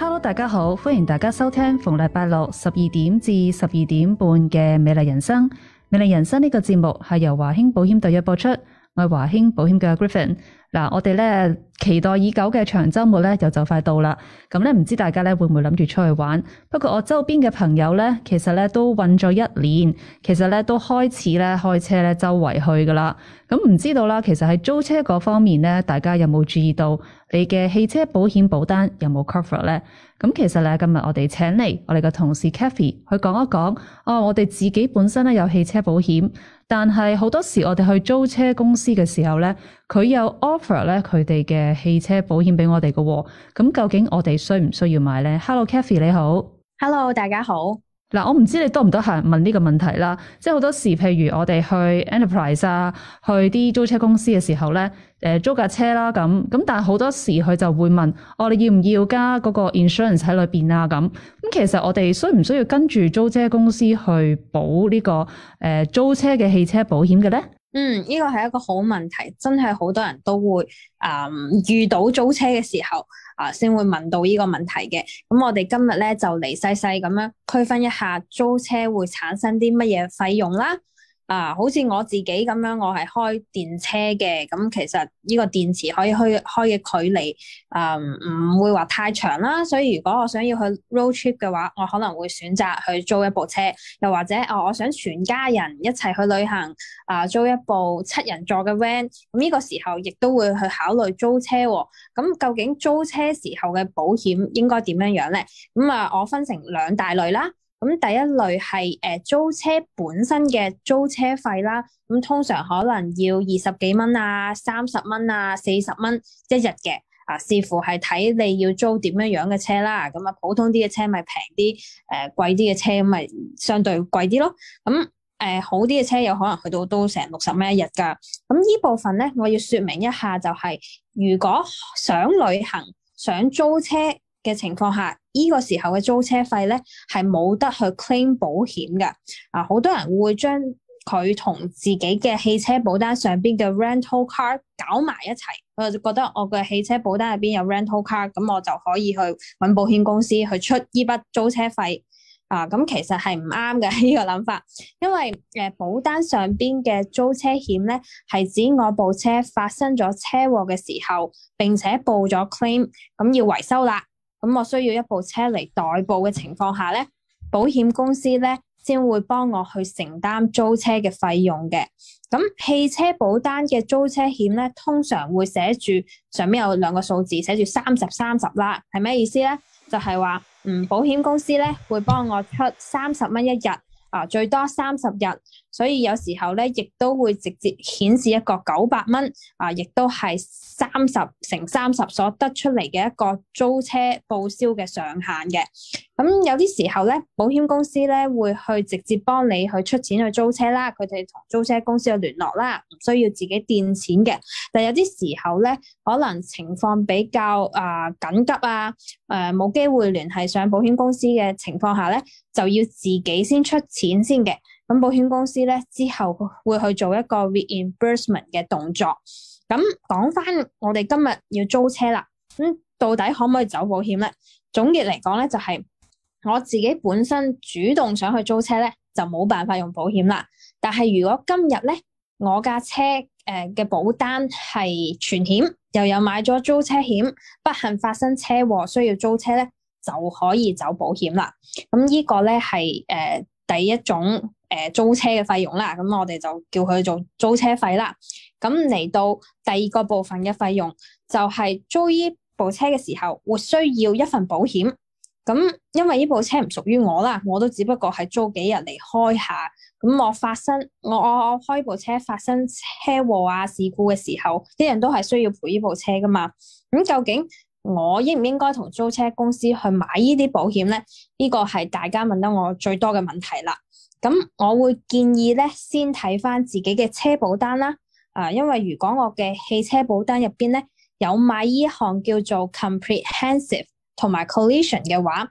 Hello 大家好，歡迎大家收聽逢禮拜六十二點至十二點半嘅美麗人生。美麗人生呢、這個節目係由華興保險特約播出，我係華興保險嘅 Griffin。嗱，我哋咧期待已久嘅長周末咧又就快到啦。咁咧唔知大家咧會唔會諗住出去玩？不過我周邊嘅朋友咧，其實咧都困咗一年，其實咧都開始咧開車咧周圍去噶啦。咁唔知道啦，其實喺租車嗰方面咧，大家有冇注意到？你嘅汽車保險保單有冇 cover 咧？咁其實咧，今日我哋請嚟我哋嘅同事 Kathy 去講一講。哦，我哋自己本身有汽車保險，但係好多時我哋去租車公司嘅時候呢，佢有 offer 咧佢哋嘅汽車保險俾我哋嘅喎。咁究竟我哋需唔需要買呢？h e l l o k a t h y 你好。Hello，大家好。嗱，我唔知你多唔多係問呢個問題啦，即係好多時，譬如我哋去 enterprise 啊，去啲租車公司嘅時候咧，誒、呃、租架車啦咁，咁但係好多時佢就會問，我、哦、哋要唔要加嗰個 insurance 喺裏邊啊咁，咁其實我哋需唔需要跟住租車公司去補呢，這個誒、呃、租車嘅汽車保險嘅咧？嗯，呢個係一個好問題，真係好多人都會啊、呃、遇到租車嘅時候啊，先、呃、會問到呢個問題嘅。咁我哋今日咧就嚟細細咁樣區分一下，租車會產生啲乜嘢費用啦。啊，好似我自己咁樣，我係開電車嘅，咁、嗯、其實呢個電池可以去開嘅距離，啊、嗯，唔會話太長啦。所以如果我想要去 road trip 嘅話，我可能會選擇去租一部車，又或者哦，我想全家人一齊去旅行，啊，租一部七人座嘅 van，咁、嗯、呢、呢個時候亦都會去考慮租車、哦。咁、嗯、究竟租車時候嘅保險應該點樣樣咧？咁、嗯、啊，我分成兩大類啦。咁第一類係誒租車本身嘅租車費啦，咁通常可能要二十幾蚊啊、三十蚊啊、四十蚊一日嘅，啊視乎係睇你要租點樣樣嘅車啦，咁啊普通啲嘅車咪平啲，誒貴啲嘅車咁咪相對貴啲咯。咁、嗯、誒好啲嘅車有可能去到都成六十蚊一日噶。咁、嗯、呢部分咧，我要說明一下、就是，就係如果想旅行想租車。嘅情況下，呢個時候嘅租車費咧係冇得去 claim 保險嘅。啊，好多人會將佢同自己嘅汽車保單上邊嘅 rental car 搞埋一齊，就覺得我嘅汽車保單入邊有 rental car，咁我就可以去揾保險公司去出呢筆租車費。啊，咁其實係唔啱嘅呢個諗法，因為誒、呃、保單上邊嘅租車險咧係指我部車發生咗車禍嘅時候，並且報咗 claim，咁要維修啦。咁我需要一部車嚟代步嘅情況下咧，保險公司咧先會幫我去承擔租車嘅費用嘅。咁汽車保單嘅租車險咧，通常會寫住上面有兩個數字，寫住三十三十啦，係咩意思咧？就係話，嗯，保險公司咧會幫我出三十蚊一日，啊，最多三十日。所以有時候咧，亦都會直接顯示一個九百蚊啊，亦都係三十乘三十所得出嚟嘅一個租車報銷嘅上限嘅。咁、嗯、有啲時候咧，保險公司咧會去直接幫你去出錢去租車啦，佢哋同租車公司嘅聯絡啦，唔需要自己墊錢嘅。但有啲時候咧，可能情況比較啊、呃、緊急啊，誒、呃、冇機會聯繫上保險公司嘅情況下咧，就要自己先出錢先嘅。咁保險公司咧，之後會去做一個 reimbursement 嘅動作。咁講翻我哋今日要租車啦，咁、嗯、到底可唔可以走保險咧？總結嚟講咧，就係、是、我自己本身主動想去租車咧，就冇辦法用保險啦。但係如果今日咧，我架車誒嘅保單係全險，又有買咗租車險，不幸發生車禍需要租車咧，就可以走保險啦。咁呢個咧係誒第一種。誒，租車嘅費用啦，咁我哋就叫佢做租車費啦。咁嚟到第二個部分嘅費用，就係租呢部車嘅時候會需要一份保險。咁因為呢部車唔屬於我啦，我都只不過係租幾日嚟開下。咁我發生我開部車發生車禍啊事故嘅時候，啲人都係需要賠呢部車噶嘛。咁究竟我應唔應該同租車公司去買呢啲保險咧？呢個係大家問得我最多嘅問題啦。咁我會建議咧，先睇翻自己嘅車保單啦。啊，因為如果我嘅汽車保單入邊咧有買依項叫做 comprehensive 同埋 collision 嘅話，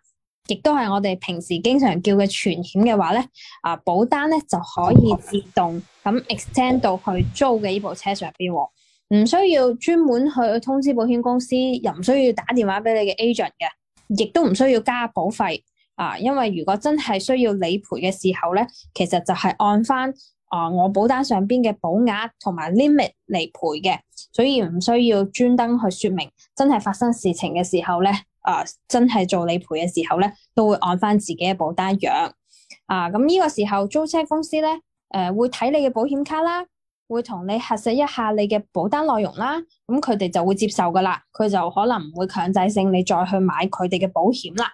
亦都係我哋平時經常叫嘅全險嘅話咧，啊保單咧就可以自動咁 extend 到去租嘅依部車上邊，唔需要專門去通知保險公司，又唔需要打電話俾你嘅 agent 嘅，亦都唔需要加保費。啊，因為如果真係需要理賠嘅時候咧，其實就係按翻啊、呃、我保單上邊嘅保額同埋 limit 嚟賠嘅，所以唔需要專登去説明。真係發生事情嘅時候咧，啊、呃、真係做理賠嘅時候咧，都會按翻自己嘅保單樣。啊，咁呢個時候租車公司咧，誒、呃、會睇你嘅保險卡啦，會同你核實一下你嘅保單內容啦，咁佢哋就會接受噶啦，佢就可能唔會強制性你再去買佢哋嘅保險啦。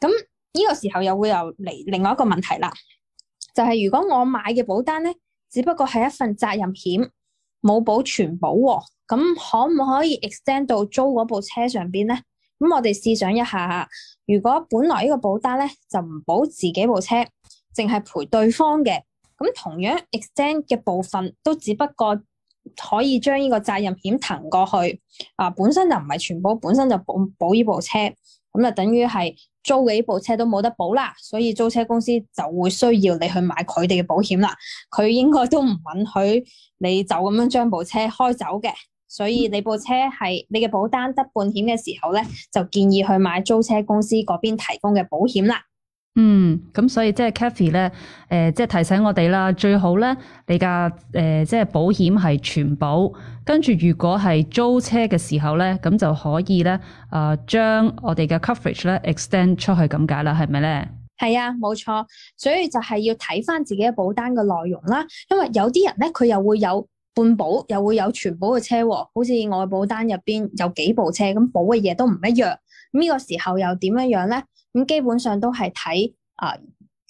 咁呢個時候又會有另外一個問題啦，就係、是、如果我買嘅保單呢，只不過係一份責任險，冇保全保喎、哦，咁可唔可以 extend 到租嗰部車上邊呢？咁我哋試想一下，如果本來呢個保單呢就唔保自己部車，淨係賠對方嘅，咁同樣 extend 嘅部分都只不過可以將呢個責任險騰過去，啊、呃，本身就唔係全保，本身就保保呢部車，咁就等於係。租嘅呢部車都冇得保啦，所以租車公司就會需要你去買佢哋嘅保險啦。佢應該都唔允許你就咁樣將部車開走嘅，所以你部車係你嘅保單得半險嘅時候咧，就建議去買租車公司嗰邊提供嘅保險啦。嗯，咁所以即係 Kathy 咧，誒、呃，即係提醒我哋啦，最好咧，你嘅誒、呃，即係保險係全保，跟住如果係租車嘅時候咧，咁就可以咧，啊、呃，將我哋嘅 coverage 咧 extend 出去咁解啦，係咪咧？係啊，冇錯，所以就係要睇翻自己嘅保單嘅內容啦，因為有啲人咧，佢又會有半保，又會有全保嘅車，喔，好似我嘅保單入邊有幾部車，咁保嘅嘢都唔一樣。呢個時候又點樣樣咧？咁基本上都係睇啊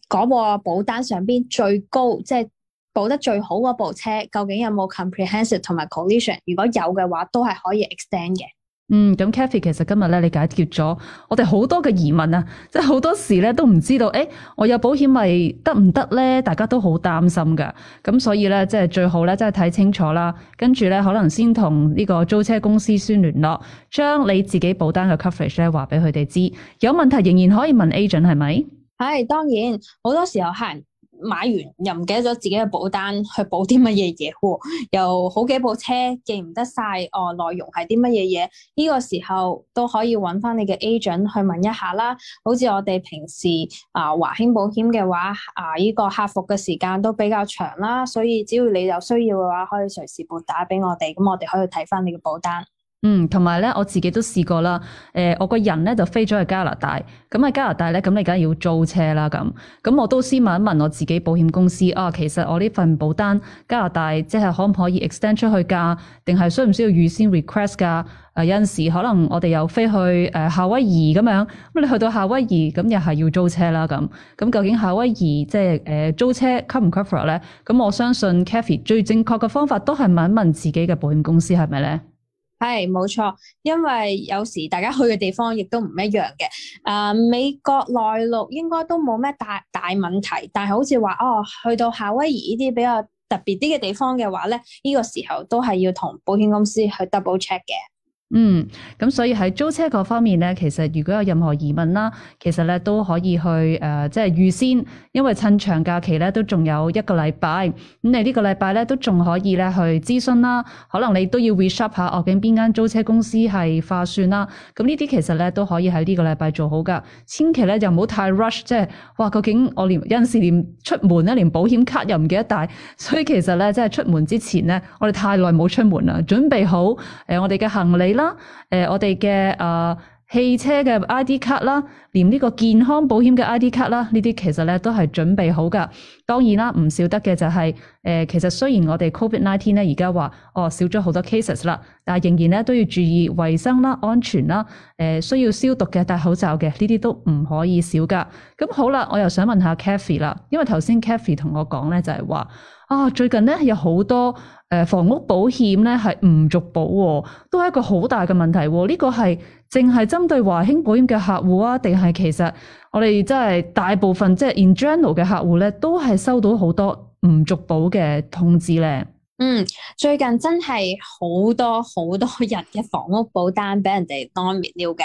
嗰個保單上邊最高，即係保得最好嗰部車，究竟有冇 comprehensive 同埋 collision？如果有嘅話，都係可以 extend 嘅。嗯，咁 Cathy 其實今日咧，你解決咗我哋好多嘅疑問啊！即係好多時咧都唔知道，誒、欸，我有保險咪得唔得咧？大家都好擔心噶，咁所以咧，即係最好咧，即係睇清楚啦，跟住咧可能先同呢個租車公司先聯絡，將你自己保單嘅 coverage 咧話俾佢哋知，有問題仍然可以問 agent 係咪？係，當然，好多時候係。買完又唔記得咗自己嘅保單去補啲乜嘢嘢喎，又好幾部車記唔得晒哦內容係啲乜嘢嘢，呢個時候都可以搵翻你嘅 agent 去問一下啦。好似我哋平時啊華興保險嘅話，啊呢個客服嘅時間都比較長啦，所以只要你有需要嘅話，可以隨時撥打俾我哋，咁我哋可以睇翻你嘅保單。嗯，同埋咧，我自己都試過啦。誒、呃，我個人咧就飛咗去加拿大，咁喺加拿大咧，咁你梗係要租車啦。咁咁我都先問一問我自己保險公司啊，其實我呢份保單加拿大即係可唔可以 extend 出去㗎？定係需唔需要預先 request 㗎、啊？有陣時可能我哋又飛去誒、呃、夏威夷咁樣咁，你去到夏威夷咁又係要租車啦。咁咁究竟夏威夷即係誒、呃、租車 cover 唔 cover 咧？咁我相信 Kathy 最正確嘅方法都係問一問自己嘅保險公司係咪咧？是。係，冇錯，因為有時大家去嘅地方亦都唔一樣嘅。誒、呃，美國內陸應該都冇咩大大問題，但係好似話哦，去到夏威夷呢啲比較特別啲嘅地方嘅話咧，呢、這個時候都係要同保險公司去 double check 嘅。嗯，咁所以喺租車個方面咧，其實如果有任何疑問啦，其實咧都可以去誒即係預先，因為趁長假期咧都仲有一個禮拜，咁你呢個禮拜咧都仲可以咧去諮詢啦。可能你都要 research 下，究竟邊間租車公司係化算啦。咁呢啲其實咧都可以喺呢個禮拜做好噶。千祈咧就唔好太 rush，即係哇，究竟我連有陣時連出門咧連保險卡又唔記得帶，所以其實咧即係出門之前咧，我哋太耐冇出門啦，準備好誒我哋嘅行李啦。誒、呃，我哋嘅誒汽車嘅 ID 卡啦，連呢個健康保險嘅 ID 卡啦，呢啲其實咧都係準備好噶。當然啦，唔少得嘅就係、是、誒、呃，其實雖然我哋 Covid nineteen 咧而家話哦少咗好多 cases 啦，但係仍然咧都要注意衛生啦、安全啦。誒、呃，需要消毒嘅、戴口罩嘅，呢啲都唔可以少噶。咁好啦，我又想問下 Kathy 啦，因為頭先 Kathy 同我講咧就係話。啊，最近咧有好多誒房屋保險咧係唔續保，都係一個好大嘅問題。呢個係淨係針對華興保險嘅客戶啊，定係其實我哋即係大部分即係、就是、in general 嘅客戶咧，都係收到好多唔續保嘅通知咧？嗯，最近真係好多好多人嘅房屋保單俾人哋 dominate 嘅。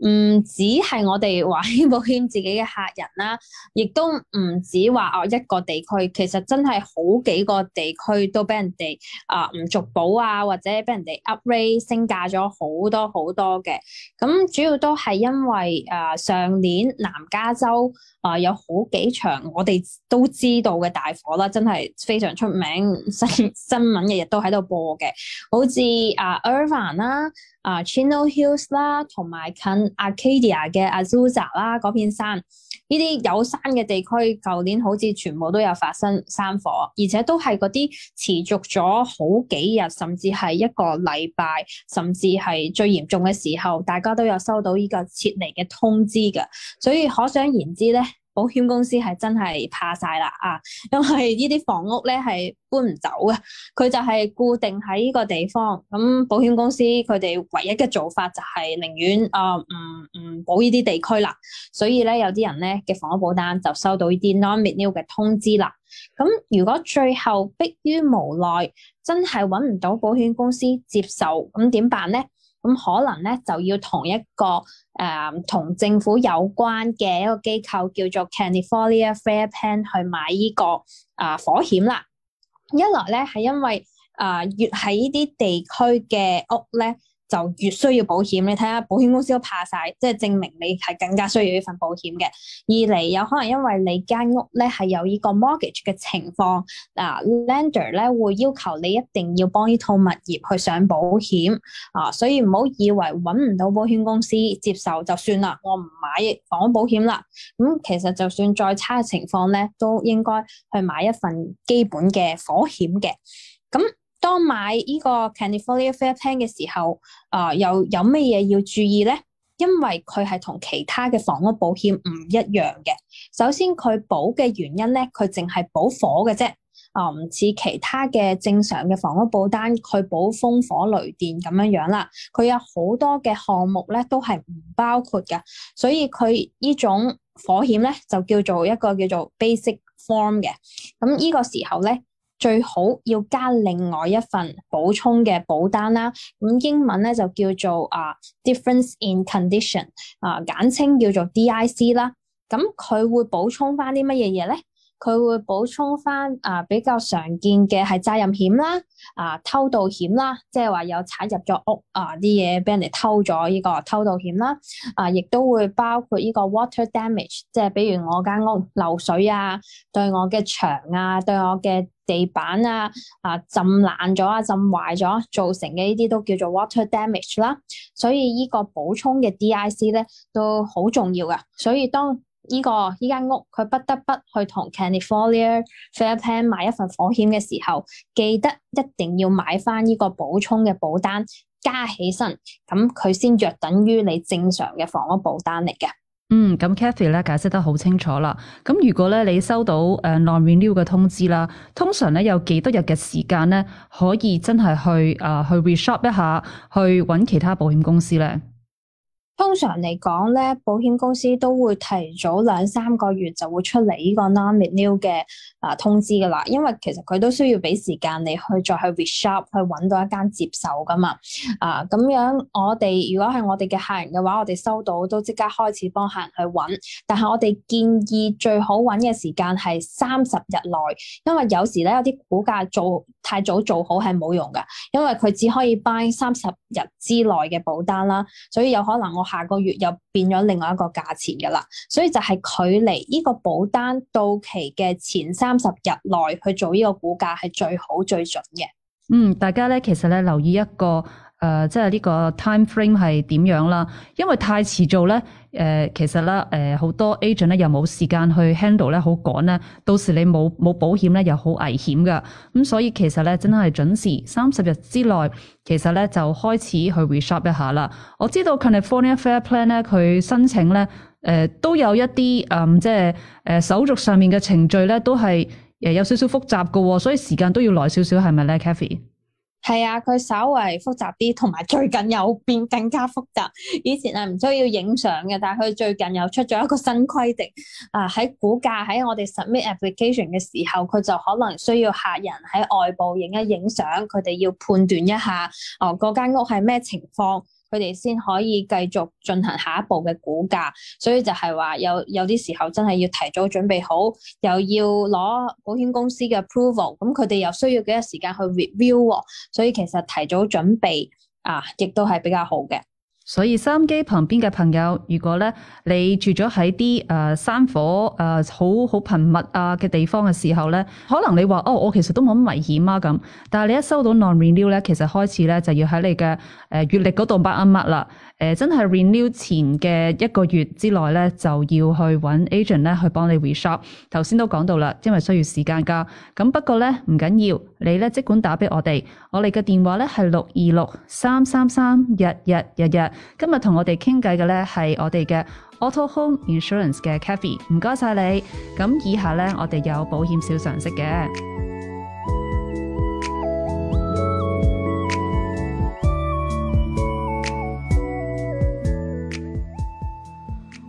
唔止係我哋華興保險自己嘅客人啦，亦都唔止話哦一個地區，其實真係好幾個地區都俾人哋啊唔續保啊，或者俾人哋 upgrade 升價咗好多好多嘅。咁主要都係因為誒、呃、上年南加州啊、呃、有好幾場我哋都知道嘅大火啦，真係非常出名，新新聞日日都喺度播嘅，好似、呃、Ir 啊 Irvine 啦。啊，Chino Hills 啦，同埋近 Arcadia 嘅 Azusa 啦，嗰片山，呢啲有山嘅地區，舊年好似全部都有發生山火，而且都係嗰啲持續咗好幾日，甚至係一個禮拜，甚至係最嚴重嘅時候，大家都有收到呢個撤離嘅通知嘅，所以可想而知咧。保險公司係真係怕晒啦啊！因為呢啲房屋咧係搬唔走嘅，佢就係固定喺呢個地方。咁保險公司佢哋唯一嘅做法就係寧願啊唔唔保呢啲地區啦。所以咧有啲人咧嘅房屋保單就收到呢啲 non renewal 嘅通知啦。咁如果最後迫於無奈，真係揾唔到保險公司接受，咁點辦咧？咁可能咧就要同一個誒同、嗯、政府有關嘅一個機構叫做 California Fair Plan 去買依、呢個啊、呃、火險啦。一來咧係因為啊、呃、越喺呢啲地區嘅屋咧，就越需要保險，你睇下保險公司都怕晒，即係證明你係更加需要呢份保險嘅。二嚟有可能因為你間屋咧係有個、呃、呢個 mortgage 嘅情況，嗱 lender 咧會要求你一定要幫呢套物業去上保險啊、呃，所以唔好以為揾唔到保險公司接受就算啦，我唔買房屋保險啦。咁、嗯、其實就算再差嘅情況咧，都應該去買一份基本嘅火險嘅。咁、嗯當買呢個 California FAIR Plan 嘅時候，啊、呃，有有咩嘢要注意呢？因為佢係同其他嘅房屋保險唔一樣嘅。首先，佢保嘅原因咧，佢淨係保火嘅啫，啊、呃，唔似其他嘅正常嘅房屋保單，佢保風火雷電咁樣樣啦。佢有好多嘅項目咧，都係唔包括嘅。所以佢呢種火險咧，就叫做一個叫做 Basic Form 嘅。咁、嗯、呢、這個時候咧。最好要加另外一份補充嘅保單啦，咁英文咧就叫做啊、uh, difference in condition，啊、uh, 簡稱叫做 DIC 啦。咁、嗯、佢會補充返啲乜嘢嘢咧？佢會補充翻啊、呃，比較常見嘅係責任險啦，啊偷盜險啦，即係話有踩入咗屋啊，啲嘢俾人哋偷咗，呢個偷盜險啦，啊亦都會包括呢個 water damage，即係比如我間屋漏水啊，對我嘅牆啊，對我嘅地板啊，啊浸爛咗啊，浸壞咗造成嘅呢啲都叫做 water damage 啦。所以呢個補充嘅 DIC 咧都好重要噶。所以當呢、這個呢間屋，佢不得不去同 California Fair Plan 買一份火險嘅時候，記得一定要買翻呢個補充嘅保單加起身，咁佢先約等於你正常嘅房屋保單嚟嘅。嗯，咁 Cathy 咧解釋得好清楚啦。咁如果咧你收到誒、uh, non-renew 嘅通知啦，通常咧有幾多日嘅時間咧，可以真係去誒、uh, 去 re-shop 一下，去揾其他保險公司咧？通常嚟講咧，保險公司都會提早兩三個月就會出嚟呢個 non renew 嘅啊通知㗎啦，因為其實佢都需要俾時間你去再去 re shop 去揾到一間接受㗎嘛。啊，咁樣我哋如果係我哋嘅客人嘅話，我哋收到都即刻開始幫客人去揾。但係我哋建議最好揾嘅時間係三十日內，因為有時咧有啲估價做太早做好係冇用㗎，因為佢只可以 bind 三十日之內嘅保單啦，所以有可能我。下個月又變咗另外一個價錢㗎喇，所以就係距離呢個保單到期嘅前三十日內去做呢個估價係最好最準嘅。嗯，大家咧其實咧留意一個。誒、呃，即係呢個 time frame 係點樣啦？因為太遲做咧，誒、呃，其實咧，誒、呃，好多 agent 咧又冇時間去 handle 咧，好趕咧，到時你冇冇保險咧，又好危險噶。咁所以其實咧，真係準時三十日之內，其實咧就開始去 research 一下啦。我知道 California Fair Plan 咧，佢申請咧，誒、呃，都有一啲嗯、呃，即係誒、呃、手續上面嘅程序咧，都係誒有少少複雜噶，哦，所以時間都要耐少少，係咪咧，Kathy？係啊，佢稍為複雜啲，同埋最近又變更加複雜。以前係唔需要影相嘅，但係佢最近又出咗一個新規定啊。喺估價喺我哋 submit application 嘅時候，佢就可能需要客人喺外部影一影相，佢哋要判斷一下哦，嗰、呃、間屋係咩情況。佢哋先可以繼續進行下一步嘅估價，所以就係話有有啲時候真係要提早準備好，又要攞保險公司嘅 approval，咁佢哋又需要幾多時間去 review 喎，所以其實提早準備啊，亦都係比較好嘅。所以收音機旁邊嘅朋友，如果咧你住咗喺啲誒山火誒好好頻密啊嘅地方嘅時候呢，可能你話哦，我其實都冇咁危險啊咁，但係你一收到 non-renew 咧，new, 其實開始呢就要喺你嘅誒月曆嗰度擺一物啦。誒，真係 renew 前嘅一個月之內咧，就要去揾 agent 咧去幫你 reshop。頭先都講到啦，因為需要時間噶。咁不過咧唔緊要，你咧即管打俾我哋，我哋嘅電話咧係六二六三三三日日日日。今日同我哋傾偈嘅咧係我哋嘅 Auto Home Insurance 嘅 Cathy，唔該晒你。咁以下咧，我哋有保險小常識嘅。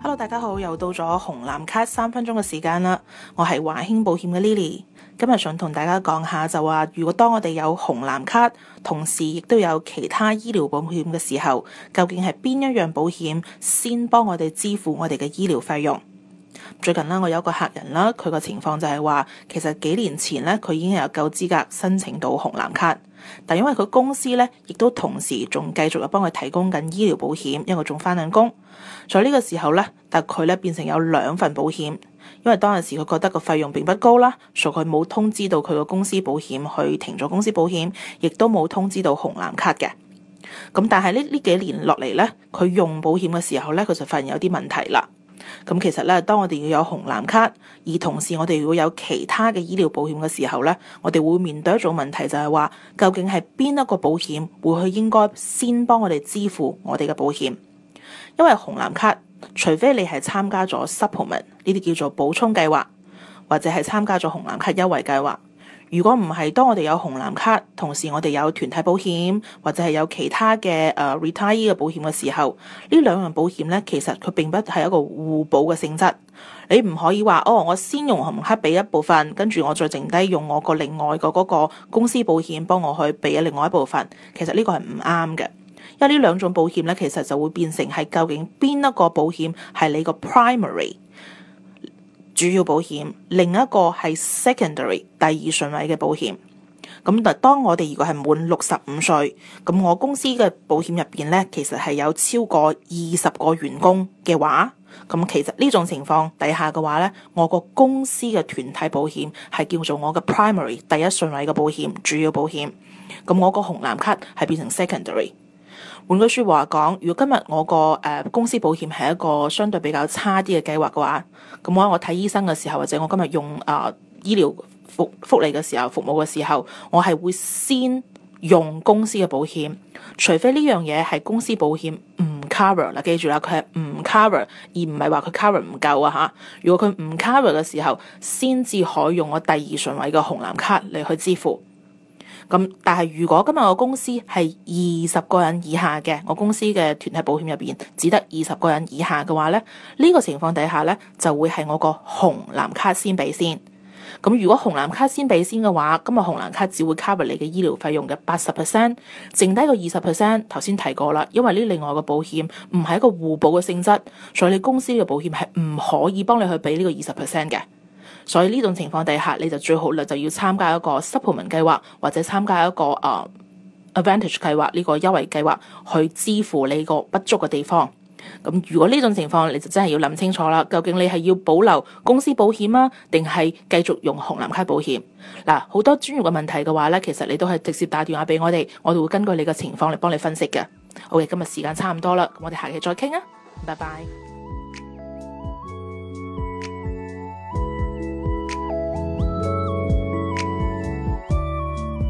Hello 大家好，又到咗紅藍卡三分鐘嘅時間啦，我係華興保險嘅 Lily，今日想同大家講下就，就話如果當我哋有紅藍卡，同時亦都有其他醫療保險嘅時候，究竟係邊一樣保險先幫我哋支付我哋嘅醫療費用？最近呢，我有個客人啦，佢個情況就係話，其實幾年前呢，佢已經有夠資格申請到紅藍卡，但因為佢公司呢，亦都同時仲繼續有幫佢提供緊醫療保險，因為仲翻緊工，所以呢個時候呢，但佢呢變成有兩份保險，因為當陣時佢覺得個費用並不高啦，所以佢冇通知到佢個公司保險去停咗公司保險，亦都冇通知到紅藍卡嘅。咁但係呢呢幾年落嚟呢，佢用保險嘅時候呢，佢就發現有啲問題啦。咁其實咧，當我哋要有紅藍卡，而同時我哋如果有其他嘅醫療保險嘅時候咧，我哋會面對一種問題就，就係話究竟係邊一個保險會去應該先幫我哋支付我哋嘅保險？因為紅藍卡，除非你係參加咗 Supplement 呢啲叫做補充計劃，或者係參加咗紅藍卡優惠計劃。如果唔係，當我哋有紅藍卡，同時我哋有團體保險或者係有其他嘅誒、uh, retire 嘅、e、保險嘅時候，呢兩樣保險呢，其實佢並不係一個互補嘅性質。你唔可以話，哦、oh，我先用紅藍卡俾一部分，跟住我再剩低用我個另外嘅嗰個公司保險幫我去俾另外一部分。其實呢個係唔啱嘅，因為呢兩種保險呢，其實就會變成係究竟邊一個保險係你個 primary。主要保險，另一個係 secondary 第二順位嘅保險。咁嗱，當我哋如果係滿六十五歲，咁我公司嘅保險入邊呢，其實係有超過二十個員工嘅話，咁其實呢種情況底下嘅話呢，我個公司嘅團體保險係叫做我嘅 primary 第一順位嘅保險，主要保險，咁我個紅藍卡係變成 secondary。換句説話講，如果今日我個誒、呃、公司保險係一個相對比較差啲嘅計劃嘅話，咁我喺我睇醫生嘅時候，或者我今日用啊、呃、醫療服福利嘅時候、服務嘅時候，我係會先用公司嘅保險，除非呢樣嘢係公司保險唔 cover 啦，記住啦，佢係唔 cover，而唔係話佢 cover 唔夠啊吓，如果佢唔 cover 嘅時候，先至可以用我第二順位嘅紅藍卡嚟去支付。咁，但係如果今日我公司係二十個人以下嘅，我公司嘅團體保險入邊只得二十個人以下嘅話咧，呢個情況底下咧就會係我個紅藍卡先俾先。咁如果紅藍卡先俾先嘅話，今日紅藍卡只會 cover 你嘅醫療費用嘅八十 percent，剩低個二十 percent 頭先提過啦，因為呢另外嘅保險唔係一個互補嘅性質，所以你公司嘅保險係唔可以幫你去俾呢個二十 percent 嘅。所以呢種情況底下，你就最好啦，就要參加一個 supplement 計劃或者參加一個誒、uh, advantage 計劃呢個優惠計劃去支付你個不足嘅地方。咁如果呢種情況，你就真係要諗清楚啦。究竟你係要保留公司保險啊，定係繼續用紅藍卡保險？嗱，好多專業嘅問題嘅話呢，其實你都係直接打電話俾我哋，我哋會根據你嘅情況嚟幫你分析嘅。好嘅，今日時間差唔多啦，咁我哋下期再傾啊，拜拜。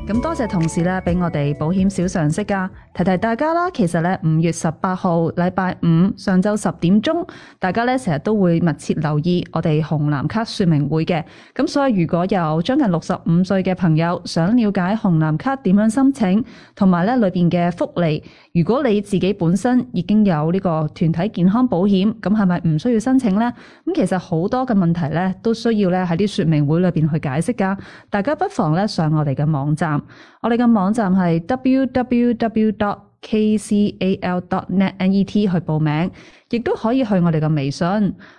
咁多謝同事咧，俾我哋保險小常識噶。提提大家啦，其實咧五月十八號禮拜五上晝十點鐘，大家咧成日都會密切留意我哋紅藍卡說明會嘅。咁所以，如果有將近六十五歲嘅朋友想了解紅藍卡點樣申請，同埋咧裏邊嘅福利，如果你自己本身已經有呢個團體健康保險，咁係咪唔需要申請呢？咁其實好多嘅問題咧，都需要咧喺啲說明會裏邊去解釋噶。大家不妨咧上我哋嘅網站，我哋嘅網站係 www. KCAL.dot.net、e、去報名，亦都可以去我哋嘅微信，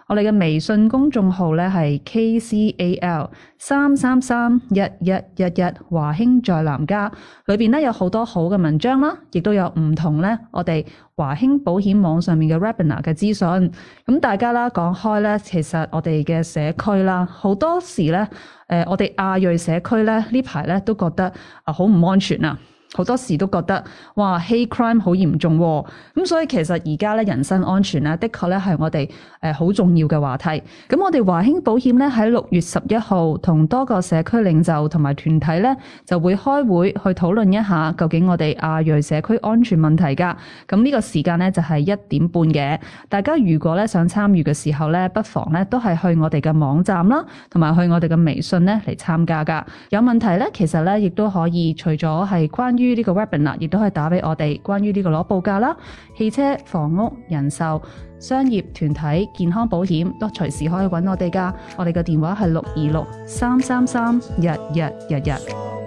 我哋嘅微信公眾號咧係 KCAL 三三三一一一一華興在南加。裏邊咧有好多好嘅文章啦，亦都有唔同咧我哋華興保險網上面嘅 Webinar 嘅資訊。咁大家啦講開咧，其實我哋嘅社區啦，好多時咧，誒，我哋亞裔社區咧呢排咧都覺得啊好唔安全啊！好多時都覺得哇，黑、hey、crime 好嚴重喎，啊，咁、嗯、所以其實而家咧人身安全咧，的確咧係我哋誒好重要嘅話題。咁我哋華興保險咧喺六月十一號同多個社區領袖同埋團體咧就會開會去討論一下，究竟我哋亞裔社區安全問題㗎。咁呢個時間咧就係一點半嘅，大家如果咧想參與嘅時候咧，不妨咧都係去我哋嘅網站啦，同埋去我哋嘅微信咧嚟參加㗎。有問題咧，其實咧亦都可以除咗係關關於呢個 webinar，亦都可以打俾我哋。關於呢個攞報價啦，汽車、房屋、人壽、商業、團體、健康保險都隨時可以揾我哋噶。我哋嘅電話係六二六三三三日日日日。